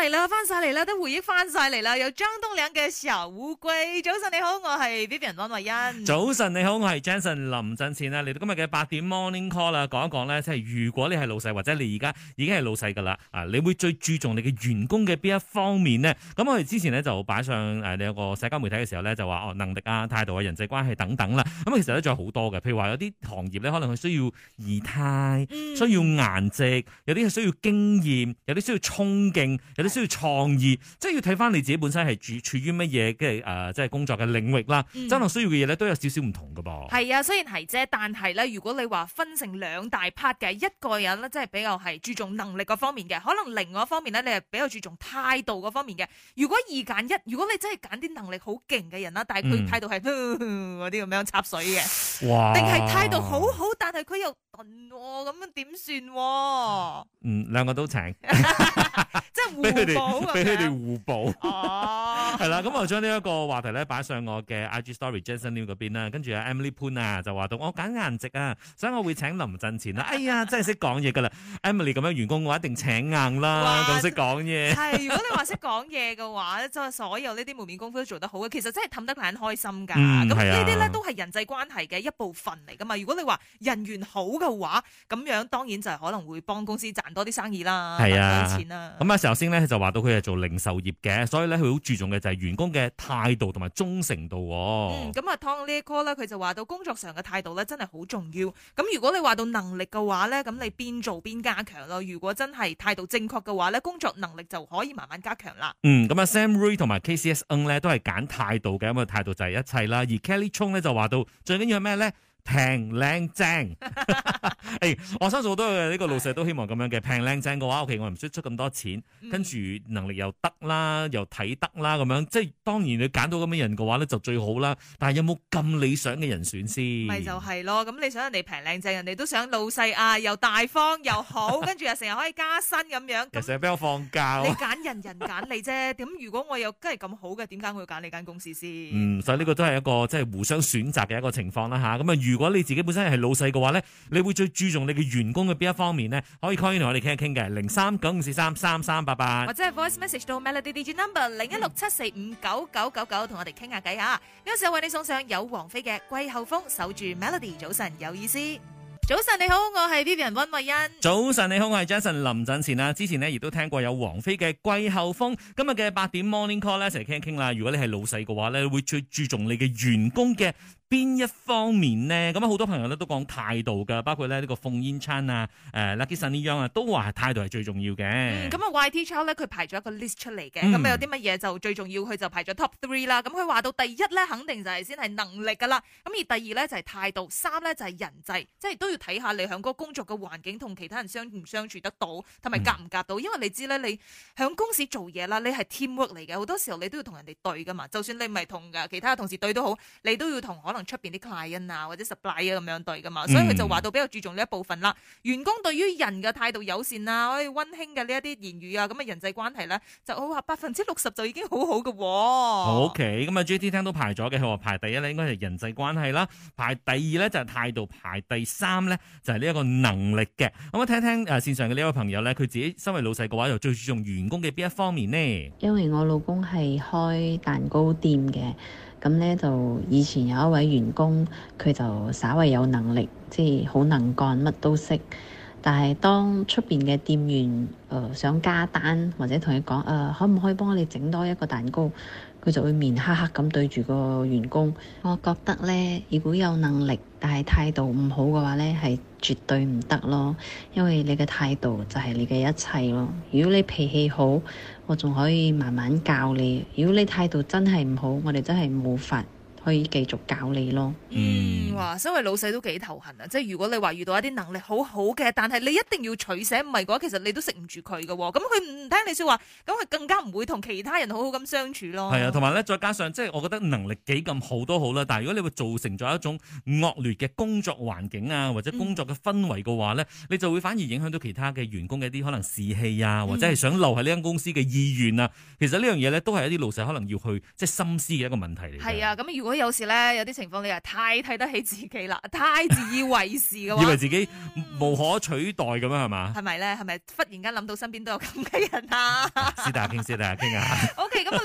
嚟啦，翻曬嚟啦，都回憶翻晒嚟啦。有張東嶺嘅時候，烏龜，早晨你好，我係 Vivian 安慧欣。早晨你好，我係 Jason 林振前啦。嚟到今日嘅八點 morning call 啦，講一講咧，即係如果你係老細或者你而家已經係老細噶啦，啊，你會最注重你嘅員工嘅邊一方面呢？咁我哋之前咧就擺上誒你有個社交媒體嘅時候咧，就話哦，能力啊、態度啊、人際關係等等啦。咁其實咧仲有好多嘅，譬如話有啲行業咧，可能佢需要儀態，需要顏值，有啲需要經驗，有啲需要衝勁，有啲需要衝勁需要創意，即係要睇翻你自己本身係處處於乜嘢嘅誒，即係工作嘅領域啦。真、嗯、係需要嘅嘢咧，都有少少唔同㗎噃。係啊，雖然係啫，但係咧，如果你話分成兩大 part 嘅一個人咧，即係比較係注重能力嗰方面嘅，可能另外一方面咧，你係比較注重態度嗰方面嘅。如果二揀一，如果你真係揀啲能力好勁嘅人啦，但係佢態度係嗰啲咁樣插水嘅，哇！定係態度好好，但係佢又頓咁樣點算？嗯，兩個都請， 即係俾你哋互補。啦，咁我將呢一個話題咧擺上我嘅 IG story Jason Lee 嗰邊啦，跟住阿 Emily Poon 啊就話到我揀顏值啊，所以我會請林振前啦。哎呀，真係識講嘢噶啦，Emily 咁樣員工嘅話一定請硬啦，咁識講嘢。係，如果你話識講嘢嘅話，即係所有呢啲門面功夫都做得好嘅，其實真係氹得佢開心㗎。咁呢啲咧都係人際關係嘅一部分嚟㗎嘛。如果你話人緣好嘅話，咁樣當然就係可能會幫公司賺多啲生意啦，係啊，賺多啲錢啦。咁啊，頭先咧就話到佢係做零售業嘅，所以咧佢好注重嘅就係。員工嘅態度同埋忠誠度喎、哦。嗯，咁啊，Tom、Lecau、呢一科咧，佢就話到工作上嘅態度咧，真係好重要。咁如果你話到能力嘅話咧，咁你邊做邊加強咯。如果真係態度正確嘅話咧，工作能力就可以慢慢加強啦。嗯，咁啊，Sam Ray 同埋 KCSN 咧都係揀態度嘅，咁啊，態度就係一切啦。而 Kelly Chong 咧就話到最緊要係咩咧？平靚正，誒，我相信好多嘅呢個老細都希望咁樣嘅平靚正嘅話，我其實我唔需要出咁多錢，跟住能力又得啦，又睇得啦，咁樣即係當然你揀到咁樣人嘅話咧就最好啦。但係有冇咁理想嘅人選先？咪就係咯，咁你想人哋平靚正，人哋都想老細啊又大方又好，跟住又成日可以加薪咁樣，成日俾我放假。你揀人人揀你啫，咁如果我又真係咁好嘅，點解我會揀你間公司先？嗯，所以呢個都係一個即係互相選擇嘅一個情況啦嚇。咁啊如如果你自己本身係老細嘅話咧，你會最注重你嘅員工嘅邊一方面咧？可以 call in 嚟我哋傾一傾嘅零三九五四三三三八八，或者 voice message 到 Melody 的 number 零一六七四五九九九九，同我哋傾下偈吓。呢個時候為你送上有王菲嘅《季候風》，守住 Melody。早晨有意思，早晨你好，我係 Vivian 溫慧欣。早晨你好，我係 Jason 林振前啊。之前咧亦都聽過有王菲嘅《季候風》，今日嘅八點 morning call 咧一齊傾一傾啦。如果你係老細嘅話咧，會最注重你嘅員工嘅。邊一方面呢？咁好多朋友咧都講態度噶，包括呢個奉煙春啊、誒拉基什尼央啊，都話態度係最重要嘅。咁啊，Y.T. Chow 咧，佢排咗一個 list 出嚟嘅，咁、嗯、有啲乜嘢就最重要，佢就排咗 top three 啦。咁佢話到第一咧，肯定就係先係能力噶啦。咁而第二咧就係、是、態度，三咧就係、是、人際，即係都要睇下你響嗰個工作嘅環境同其他人相唔相處得到，同埋夾唔夾到、嗯。因為你知咧，你響公司做嘢啦，你係 teamwork 嚟嘅，好多時候你都要同人哋對噶嘛。就算你唔係同噶其他同事對都好，你都要同可能。出邊啲 client 啊，或者 supply 啊，咁樣對噶嘛，所以佢就話到比較注重呢一部分啦。員工對於人嘅態度友善啊，可以溫馨嘅呢一啲言語啊，咁嘅人際關係咧，就好話百分之六十就已經好好嘅。O K，咁啊 G T 聽都排咗嘅，佢話排第一咧，應該係人際關係啦，排第二咧就係態度，排第三咧就係呢一個能力嘅。咁啊，聽聽誒線上嘅呢位朋友咧，佢自己身為老細嘅話，又最注重員工嘅邊一方面呢？因為我老公係開蛋糕店嘅。咁咧，就以前有一位員工，佢就稍為有能力，即係好能幹，乜都識。但係當出面嘅店員，呃、想加單或者同你講，呃、啊、可唔可以幫你整多一個蛋糕？佢就會面黑黑咁對住個員工。我覺得呢，如果有能力，但係態度唔好嘅話呢，係絕對唔得咯。因為你嘅態度就係你嘅一切咯。如果你脾氣好，我仲可以慢慢教你。如果你態度真係唔好，我哋真係冇法。可以繼續教你咯。嗯，哇，作為老細都幾頭痕啊！即係如果你話遇到一啲能力好好嘅，但係你一定要取捨，唔係嘅話，其實你都食唔住佢嘅喎。咁佢唔聽你説話，咁佢更加唔會同其他人好好咁相處咯。係啊，同埋咧，再加上即係我覺得能力幾咁好都好啦，但係如果你會造成咗一種惡劣嘅工作環境啊，或者工作嘅氛圍嘅話咧，嗯，你就會反而影響到其他嘅員工嘅一啲可能士氣啊，或者係想留喺呢間公司嘅意願啊。其實這件事呢樣嘢咧，都係一啲老細可能要去即係深思嘅一個問題嚟。係啊，咁如果。有時咧，有啲情況你又太睇得起自己啦，太自以為是嘅話， 以為自己無可取代咁樣係嘛？係咪咧？係咪忽然間諗到身邊都有咁嘅人啊？師大傾師大傾啊！OK，咁。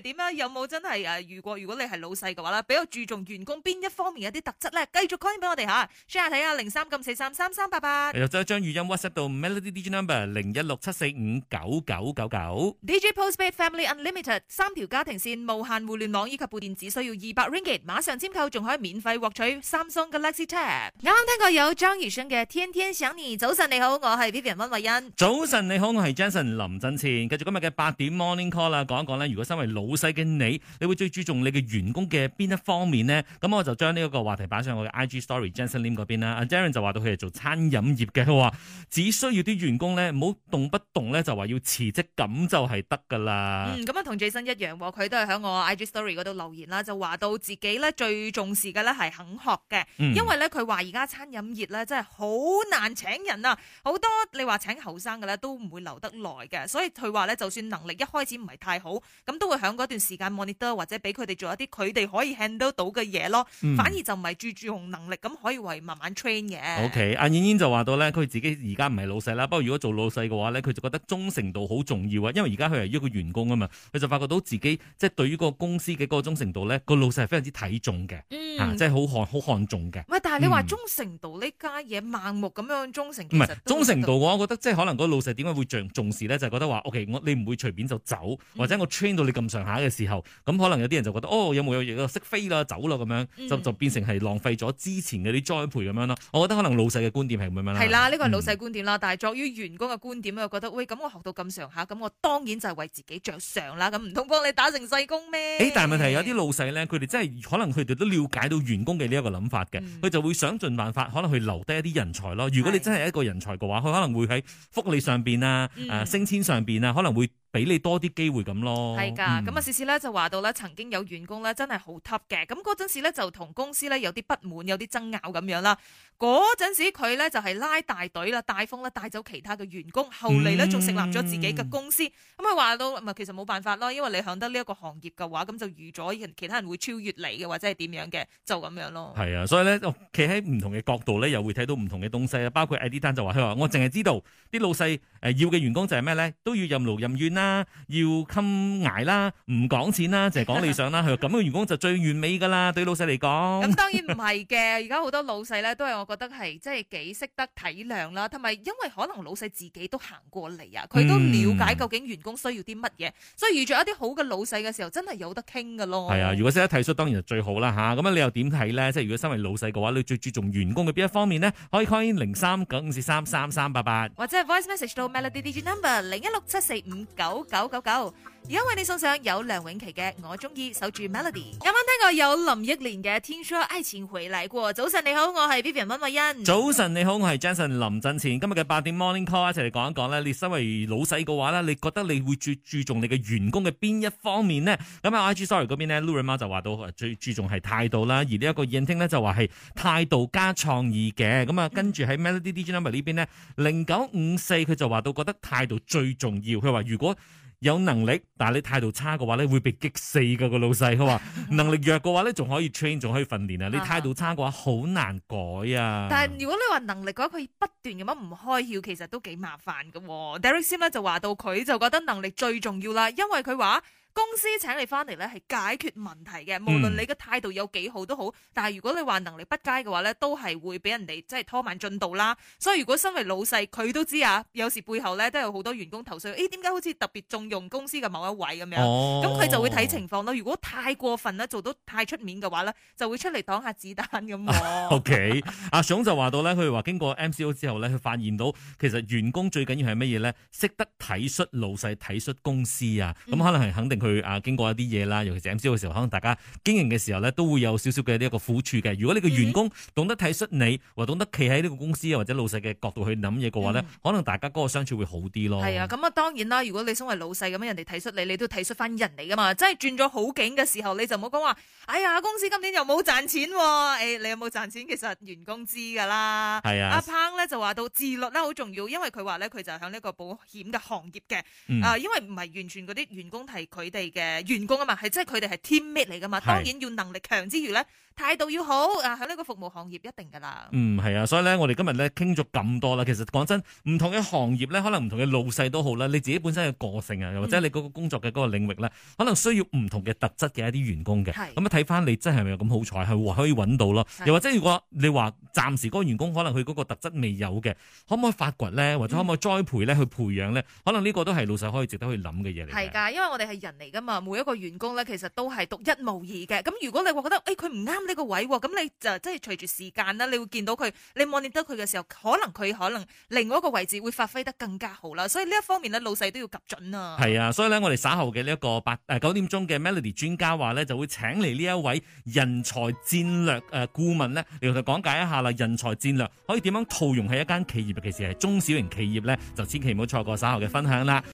點啊？有冇真係誒？如果如果你係老細嘅話咧，比較注重員工邊一方面有啲特質咧？繼續講俾我哋吓，先下睇下零三咁四三三三八八。又將語音 WhatsApp 到 Melody DJ Number 零一六七四五九九九九。DJ Postpaid Family Unlimited 三條家庭線無限互聯網以及部電只需要二百 Ringgit。馬上簽購仲可以免費獲取三星嘅 Galaxy Tab。啱啱聽過有張宇迅嘅天天想你。早晨你好，我係 Vivian 溫慧欣。早晨你好，我係 Jason 林振前。繼續今日嘅八點 Morning Call 啦，講一講咧，如果身為老老細嘅你，你會最注重你嘅員工嘅邊一方面呢？咁我就將呢一個話題擺上我嘅 IG Story，Jason Lim 嗰邊啦。阿 Jaren 就話到佢係做餐飲業嘅，佢話只需要啲員工咧，唔好動不動咧就話要辭職，咁就係得噶啦。嗯，咁啊同最新一樣，佢都係喺我 IG Story 嗰度留言啦，就話到自己咧最重視嘅咧係肯學嘅、嗯，因為咧佢話而家餐飲業咧真係好難請人啊，好多你話請後生嘅咧都唔會留得耐嘅，所以佢話咧就算能力一開始唔係太好，咁都會響。嗰段時間 monitor 或者俾佢哋做一啲佢哋可以 handle 到嘅嘢咯，反而就唔係注注重能力咁可以為慢慢 train 嘅。OK，阿燕燕就話到咧，佢自己而家唔係老細啦，不過如果做老細嘅話咧，佢就覺得忠誠度好重要啊，因為而家佢係一個員工啊嘛，佢就發覺到自己即係、就是、對於個公司嘅嗰個忠誠度咧，個老細係非常之睇重嘅，即係好看好看重嘅。但係你話忠誠度呢家嘢盲目咁樣忠誠，唔係忠誠度，我覺得即係可能個老細點解會重視咧，就係、是、覺得話 OK 我你唔會隨便就走，或者我 train 到你咁下嘅時候，咁可能有啲人就覺得，哦，有冇有嘢識飛啦，走啦，咁樣就就變成係浪費咗之前嗰啲栽培咁樣咯。我覺得可能老細嘅觀點係咪咁樣係係啦，呢、嗯啊這個係老細觀點啦、嗯。但係作于員工嘅觀點我覺得喂，咁我學到咁上下，咁我當然就係為自己着想啦。咁唔通幫你打成世工咩？但、欸、係問題有啲老細咧，佢哋真係可能佢哋都了解到員工嘅呢一個諗法嘅，佢、嗯、就會想盡辦法，可能去留低一啲人才咯。如果你真係一個人才嘅話，佢可能會喺福利上邊啊，誒、嗯呃，升遷上邊啊，可能會。俾你多啲機會咁咯，係噶，咁啊，時時咧就話到咧，曾經有員工咧真係好 top 嘅，咁嗰陣時咧就同公司咧有啲不滿，有啲爭拗咁樣啦。嗰陣時佢咧就係拉大隊啦，帶風啦，帶走其他嘅員工。後嚟咧仲成立咗自己嘅公司。咁佢話到，唔係其實冇辦法咯，因為你響得呢一個行業嘅話，咁就預咗人其他人會超越你嘅，或者係點樣嘅，就咁樣咯。係啊，所以咧，企喺唔同嘅角度咧，又會睇到唔同嘅東西啊。包括 Edithan 就話佢話，我淨係知道啲老細誒要嘅員工就係咩咧，都要任勞任怨啦。要襟挨啦，唔講錢啦，淨係講理想啦。佢咁樣員工就最完美噶啦，對老細嚟講。咁當然唔係嘅，而家好多老細咧，都係我覺得係即係幾識得體諒啦，同埋因為可能老細自己都行過嚟啊，佢都了解究竟員工需要啲乜嘢，所以遇着一啲好嘅老細嘅時候，真係有得傾噶咯。係啊，如果識得體恤，當然就最好啦吓。咁你又點睇咧？即係如果身為老細嘅話，你最注重員工嘅邊一方面咧？可以 call 零三九五四三三三八八，或者 voice message 到 melody DJ number 零一六七四五九。九九九九。而家為你送上有梁詠琪嘅《我中意守住 Melody》，有冇聽過有林憶蓮嘅《聽說愛情回來過》？早晨你好，我係 Vivian 溫慧欣。早晨你好，我係 Jensen 林振前。今日嘅八點 Morning Call 一齊嚟講一講咧，你身為老細嘅話咧，你覺得你會最注重你嘅員工嘅邊一方面呢？咁啊，I G Sorry 嗰邊呢 Lulu 媽就話到最注重係態度啦，而這呢一個 Interview 咧，就話係態度加創意嘅。咁啊，嗯、跟住喺 Melody DJ Number 呢邊咧，零九五四佢就話到覺得態度最重要。佢話如果有能力，但係你態度差嘅話咧，會被激死噶個老細。佢 話能力弱嘅話咧，仲可以 train，仲可以訓練啊。你態度差嘅話，好難改啊。但係如果你話能力嘅話，佢不斷咁樣唔開竅，其實都幾麻煩嘅喎。Derek 先咧就話到，佢就覺得能力最重要啦，因為佢話。公司請你翻嚟咧，係解決問題嘅。無論你嘅態度有幾好都好，嗯、但係如果你話能力不佳嘅話咧，都係會俾人哋即係拖慢進度啦。所以如果身為老細，佢都知啊，有時背後咧都有好多員工投訴。誒、哎，點解好似特別重用公司嘅某一位咁樣？咁、哦、佢就會睇情況咯。如果太過分咧，做到太出面嘅話咧，就會出嚟擋下子彈咁。啊、o、okay, K， 阿爽就話到咧，佢話經過 M C O 之後咧，佢發現到其實員工最緊要係乜嘢咧？識得體恤老細，體恤公司啊。咁、嗯、可能係肯定佢。啊，經過一啲嘢啦，尤其是 MCO 嘅時候，可能大家經營嘅時候咧，都會有少少嘅呢一個苦處嘅。如果你個員工懂得體恤你、嗯，或懂得企喺呢個公司啊或者老細嘅角度去諗嘢嘅話咧、嗯，可能大家嗰個相處會好啲咯。係啊，咁、嗯、啊當然啦，如果你身為老細咁樣，人哋體恤你，你都體恤翻人嚟噶嘛。真係轉咗好景嘅時候，你就唔好講話，哎呀公司今年又冇賺錢、啊，誒、哎、你有冇賺錢？其實員工知㗎啦。係啊，阿彭咧就話到自律啦好重要，因為佢話咧佢就喺呢個保險嘅行業嘅啊、嗯，因為唔係完全嗰啲員工提佢。哋嘅員工啊嘛，係即係佢哋係 team 嚟噶嘛，當然要能力強之餘咧，態度要好啊，喺呢個服務行業一定噶啦。嗯，係啊，所以咧，我哋今日咧傾咗咁多啦。其實講真，唔同嘅行業咧，可能唔同嘅老細都好啦。你自己本身嘅個性啊、嗯，又或者你嗰個工作嘅嗰個領域咧，可能需要唔同嘅特質嘅一啲員工嘅。咁啊，睇翻你真係咪有咁好彩，係可以搵到咯。又或者如果你話暫時嗰個員工可能佢嗰個特質未有嘅，可唔可以發掘咧，或者可唔可以栽培咧、嗯，去培養咧？可能呢個都係老細可以值得去諗嘅嘢嚟。係噶，因為我哋係人。嚟噶嘛，每一個員工咧，其實都係獨一無二嘅。咁如果你話覺得，誒佢唔啱呢個位，咁你就即係隨住時間啦，你會見到佢，你望練得佢嘅時候，可能佢可能另外一個位置會發揮得更加好啦。所以呢一方面呢，老細都要及準啊。係啊，所以咧，我哋稍後嘅呢一個八誒九點鐘嘅 Melody 專家話咧，就會請嚟呢一位人才戰略誒顧問咧，你同佢講解一下啦。人才戰略可以點樣套用喺一間企業，其實係中小型企業咧，就千祈唔好錯過稍後嘅分享啦。